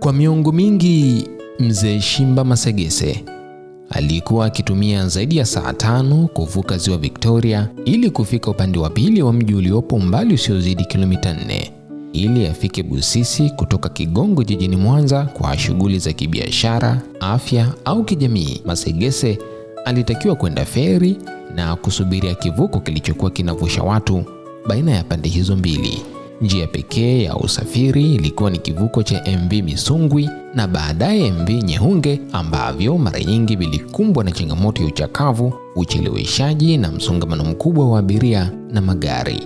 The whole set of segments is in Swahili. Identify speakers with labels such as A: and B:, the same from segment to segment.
A: Kwa miongo mingi mzee Shimba Masegese alikuwa akitumia zaidi ya saa tano kuvuka ziwa Victoria ili kufika upande wa pili wa mji uliopo umbali usiozidi kilomita nne ili afike Busisi kutoka Kigongo jijini Mwanza kwa shughuli za kibiashara, afya au kijamii. Masegese alitakiwa kwenda feri na kusubiria kivuko kilichokuwa kinavusha watu baina ya pande hizo mbili. Njia pekee ya usafiri ilikuwa ni kivuko cha MV Misungwi na baadaye MV Nyehunge ambavyo mara nyingi vilikumbwa na changamoto ya uchakavu, ucheleweshaji na msongamano mkubwa wa abiria na magari.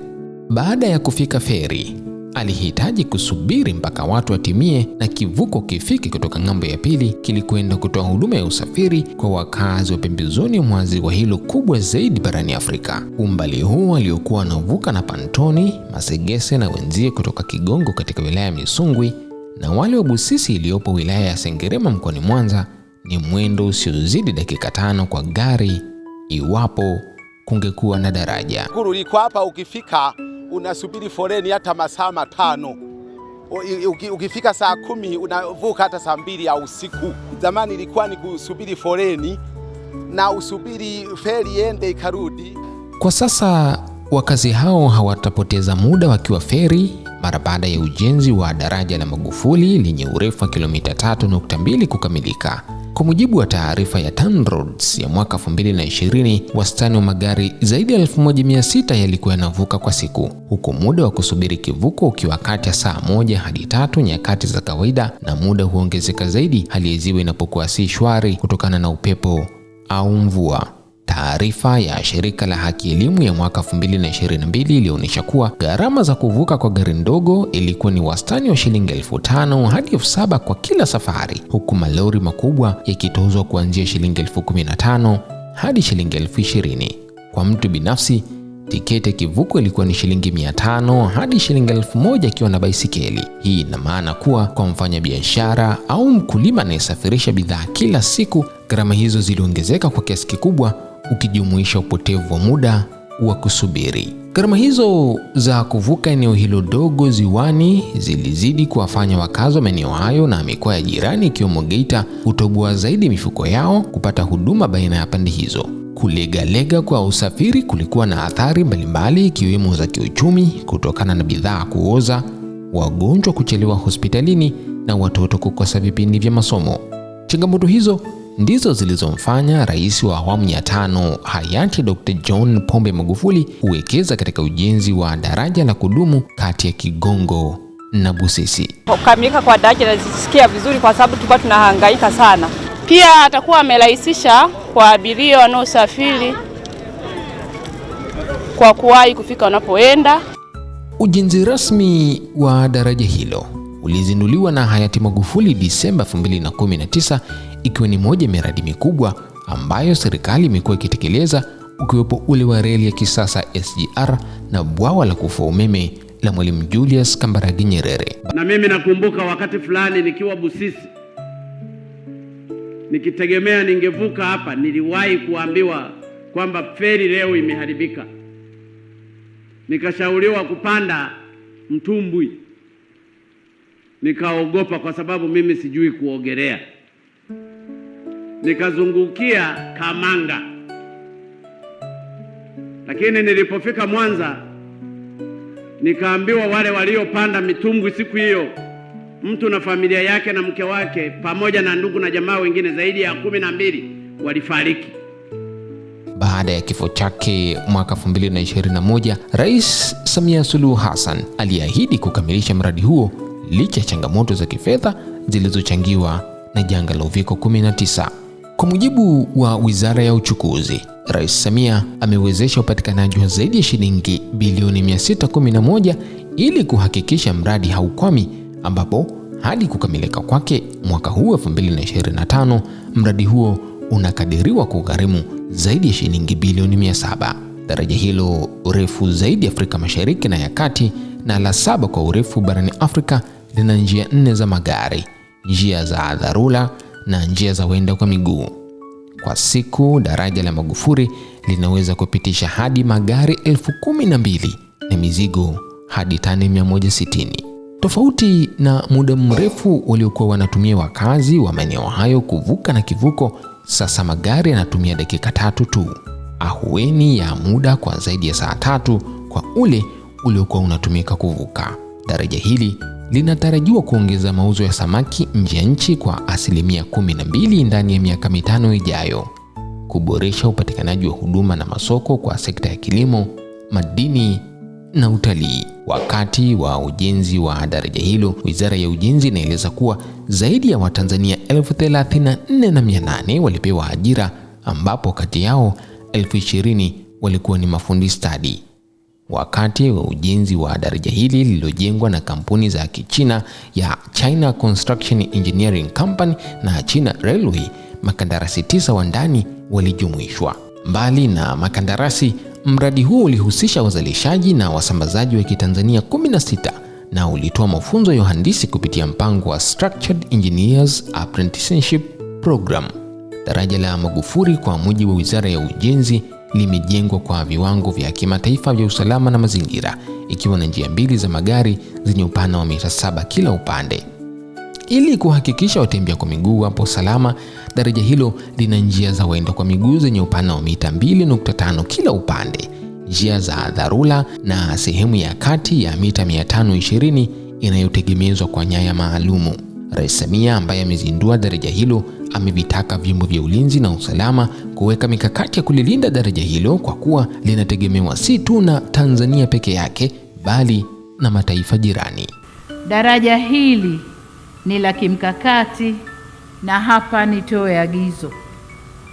A: Baada ya kufika feri Alihitaji kusubiri mpaka watu watimie na kivuko kifike kutoka ng'ambo ya pili kilikwenda kutoa huduma ya usafiri kwa wakazi wa pembezoni mwa ziwa hilo kubwa zaidi barani Afrika. Umbali huu aliokuwa wanavuka na Pantoni Masegese na wenzie kutoka Kigongo katika wilaya ya Misungwi na wale wa Busisi iliyopo wilaya ya Sengerema mkoani Mwanza ni mwendo usiozidi dakika tano kwa gari iwapo kungekuwa na daraja.
B: Guru liko hapa, ukifika unasubiri foreni hata masaa matano. Ukifika saa kumi unavuka hata saa mbili ya usiku. Zamani ilikuwa ni kusubiri foreni na usubiri feri ende ikarudi.
A: Kwa sasa wakazi hao hawatapoteza muda wakiwa feri mara baada ya ujenzi wa daraja la Magufuli lenye urefu wa kilomita 3.2 kukamilika. Kwa mujibu wa taarifa ya TANROADS ya mwaka 2020, wastani wa magari zaidi ya 1600 yalikuwa yanavuka kwa siku, huku muda wa kusubiri kivuko ukiwa kati ya saa moja hadi tatu nyakati za kawaida, na muda huongezeka zaidi hali ya ziwa inapokuwa si shwari kutokana na upepo au mvua. Taarifa ya shirika la haki elimu ya mwaka 2022 ilionyesha kuwa gharama za kuvuka kwa gari ndogo ilikuwa ni wastani wa shilingi elfu tano hadi elfu saba kwa kila safari, huku malori makubwa yakitozwa kuanzia shilingi elfu kumi na tano hadi shilingi elfu ishirini kwa mtu binafsi. Tiketi ya kivuko ilikuwa ni shilingi 500 hadi shilingi 1000 ikiwa na baisikeli. Hii ina maana kuwa kwa mfanyabiashara au mkulima anayesafirisha bidhaa kila siku, gharama hizo ziliongezeka kwa kiasi kikubwa ukijumuisha upotevu wa muda wa kusubiri. Gharama hizo za kuvuka eneo hilo dogo ziwani zilizidi kuwafanya wakazi wa maeneo hayo na mikoa ya jirani ikiwemo Geita kutoboa zaidi mifuko yao kupata huduma baina ya pande hizo. Kulegalega kwa usafiri kulikuwa na athari mbalimbali ikiwemo za kiuchumi kutokana na bidhaa kuoza, wagonjwa kuchelewa hospitalini na watoto kukosa vipindi vya masomo. Changamoto hizo ndizo zilizomfanya rais wa awamu ya tano hayati Dr. John Pombe Magufuli kuwekeza katika ujenzi wa daraja la kudumu kati ya Kigongo na Busisi.
C: Kukamilika kwa daraja nazisikia vizuri kwa sababu tulikuwa tunahangaika sana. Pia atakuwa amerahisisha kwa abiria wanaosafiri kwa kuwahi kufika wanapoenda.
A: Ujenzi rasmi wa daraja hilo ulizinduliwa na hayati Magufuli Disemba 2019 ikiwa ni moja ya miradi mikubwa ambayo serikali imekuwa ikitekeleza ukiwepo ule wa reli ya kisasa SGR na bwawa la kufua umeme la Mwalimu Julius Kambarage Nyerere.
D: Na mimi nakumbuka wakati fulani nikiwa Busisi nikitegemea ningevuka hapa, niliwahi kuambiwa kwamba feri leo imeharibika, nikashauriwa kupanda mtumbwi, nikaogopa kwa sababu mimi sijui kuogelea nikazungukia Kamanga, lakini nilipofika Mwanza nikaambiwa wale waliopanda mitumbwi siku hiyo, mtu na familia yake na mke wake pamoja na ndugu na jamaa wengine zaidi ya kumi na mbili walifariki.
A: Baada ya kifo chake mwaka 2021, Rais Samia Suluhu Hassan aliahidi kukamilisha mradi huo licha ya changamoto za kifedha zilizochangiwa na janga la Uviko 19. Kwa mujibu wa Wizara ya Uchukuzi, Rais Samia amewezesha upatikanaji wa zaidi ya shilingi bilioni 611 ili kuhakikisha mradi haukwami, ambapo hadi kukamilika kwake mwaka huu 2025 mradi huo unakadiriwa kugharimu zaidi ya shilingi bilioni 700. Daraja hilo urefu zaidi Afrika Mashariki na ya Kati na la saba kwa urefu barani Afrika lina njia nne za magari, njia za dharura na njia za waenda kwa miguu. Kwa siku, daraja la Magufuli linaweza kupitisha hadi magari elfu kumi na mbili na mizigo hadi tani 160. Tofauti na muda mrefu waliokuwa wanatumia wakazi wa maeneo hayo kuvuka na kivuko, sasa magari yanatumia dakika tatu tu, ahueni ya muda kwa zaidi ya saa tatu kwa ule uliokuwa unatumika kuvuka. Daraja hili linatarajiwa kuongeza mauzo ya samaki nje ya nchi kwa asilimia 12 ndani ya miaka mitano ijayo, kuboresha upatikanaji wa huduma na masoko kwa sekta ya kilimo, madini na utalii. Wakati wa ujenzi wa daraja hilo, Wizara ya Ujenzi inaeleza kuwa zaidi ya Watanzania 34,800 walipewa ajira ambapo kati yao 20,000 walikuwa ni mafundi stadi wakati wa ujenzi wa daraja hili lililojengwa na kampuni za Kichina ya China Construction Engineering Company na China Railway, makandarasi tisa wa ndani walijumuishwa. Mbali na makandarasi, mradi huu ulihusisha wazalishaji na wasambazaji wa Kitanzania 16 na ulitoa mafunzo ya uhandisi kupitia mpango wa Structured Engineers Apprenticeship Program. Daraja la Magufuli, kwa mujibu wa Wizara ya Ujenzi, limejengwa kwa viwango vya kimataifa vya usalama na mazingira, ikiwa na njia mbili za magari zenye upana wa mita saba kila upande. Ili kuhakikisha watembea kwa miguu wapo salama, daraja hilo lina njia za waenda kwa miguu zenye upana wa mita 2.5 kila upande, njia za dharura na sehemu ya kati ya mita 520 inayotegemezwa kwa nyaya maalumu. Rais Samia ambaye amezindua daraja hilo amevitaka vyombo vya ulinzi na usalama kuweka mikakati ya kulilinda daraja hilo kwa kuwa linategemewa si tu na Tanzania peke yake bali na mataifa jirani.
E: Daraja hili ni la kimkakati na hapa nitoe agizo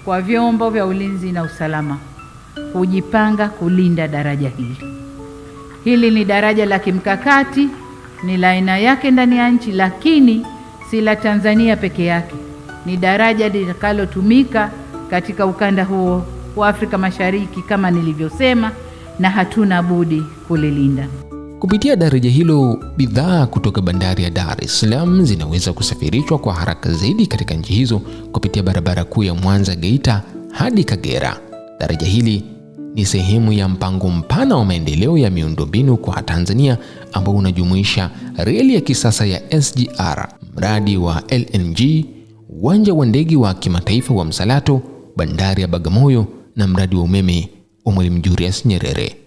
E: kwa vyombo vya ulinzi na usalama kujipanga kulinda daraja hili. Hili ni daraja la kimkakati, ni la aina yake ndani ya nchi, lakini si la Tanzania peke yake, ni daraja litakalotumika katika ukanda huo wa Afrika Mashariki kama nilivyosema, na hatuna budi kulilinda.
A: Kupitia daraja hilo, bidhaa kutoka bandari ya Dar es Salaam zinaweza kusafirishwa kwa haraka zaidi katika nchi hizo kupitia barabara kuu ya Mwanza Geita hadi Kagera. Daraja hili ni sehemu ya mpango mpana wa maendeleo ya miundombinu kwa Tanzania ambao unajumuisha reli ya kisasa ya SGR, mradi wa LNG, uwanja wa ndege wa kimataifa wa Msalato, bandari ya Bagamoyo na mradi wa umeme wa Mwalimu Julius Nyerere.